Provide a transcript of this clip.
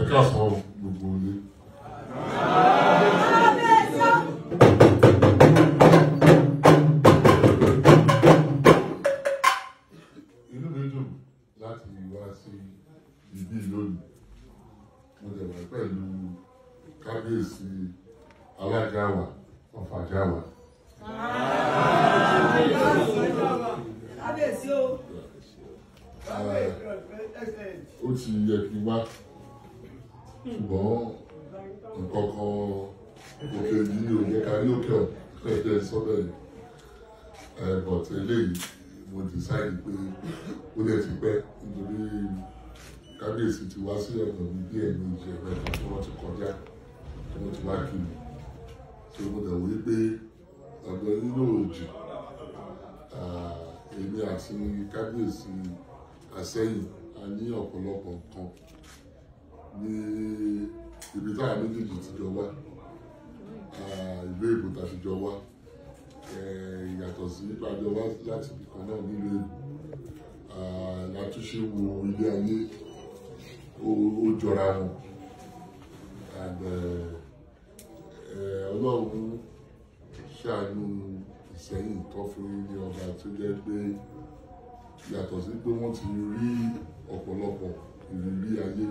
ẹ káàsán gbogbo ilé. inú mi dùn láti wá sí ibí lónìí mo dẹ̀ wá pẹ̀lú kábíyèsí alága wa ọ̀fàjà wa. kábíyèsí o. Ah, ó ti yẹ kí ṣùgbọ́n nǹkan kan òkè yìí ò ní kárí òkè ọ̀tẹ̀ sọ́bẹ̀ yìí but eléyìí mo decide pé ó lè ti pẹ́ nítorí kábíyèsí ti wá sí ọ̀dọ̀ mi bí ẹ̀mí ìjẹ̀bẹ̀ tí wọ́n ti kọjá tí wọ́n ti wá kí mi so mo dẹ̀ wí pé ọ̀dọ̀ nílò òjì èmi àti kábíyèsí àsẹ́yìn a ní ọ̀pọ̀lọpọ̀ nǹkan ní ibi táwọn méjèèjì ti jọ wá ìlú èbò tá a ti jọ wá yàtọ̀ sí nípa jọ wá láti ibì kan náà nílùú èbò látúnṣe wo ilé ayé ó jọra wọn ọlọ́run ṣàánú ìsẹ́yìn tó fi ní ọba tó jẹ́ pé yàtọ̀ sí pé wọ́n ti rí ọ̀pọ̀lọpọ̀ ìrírí ayé.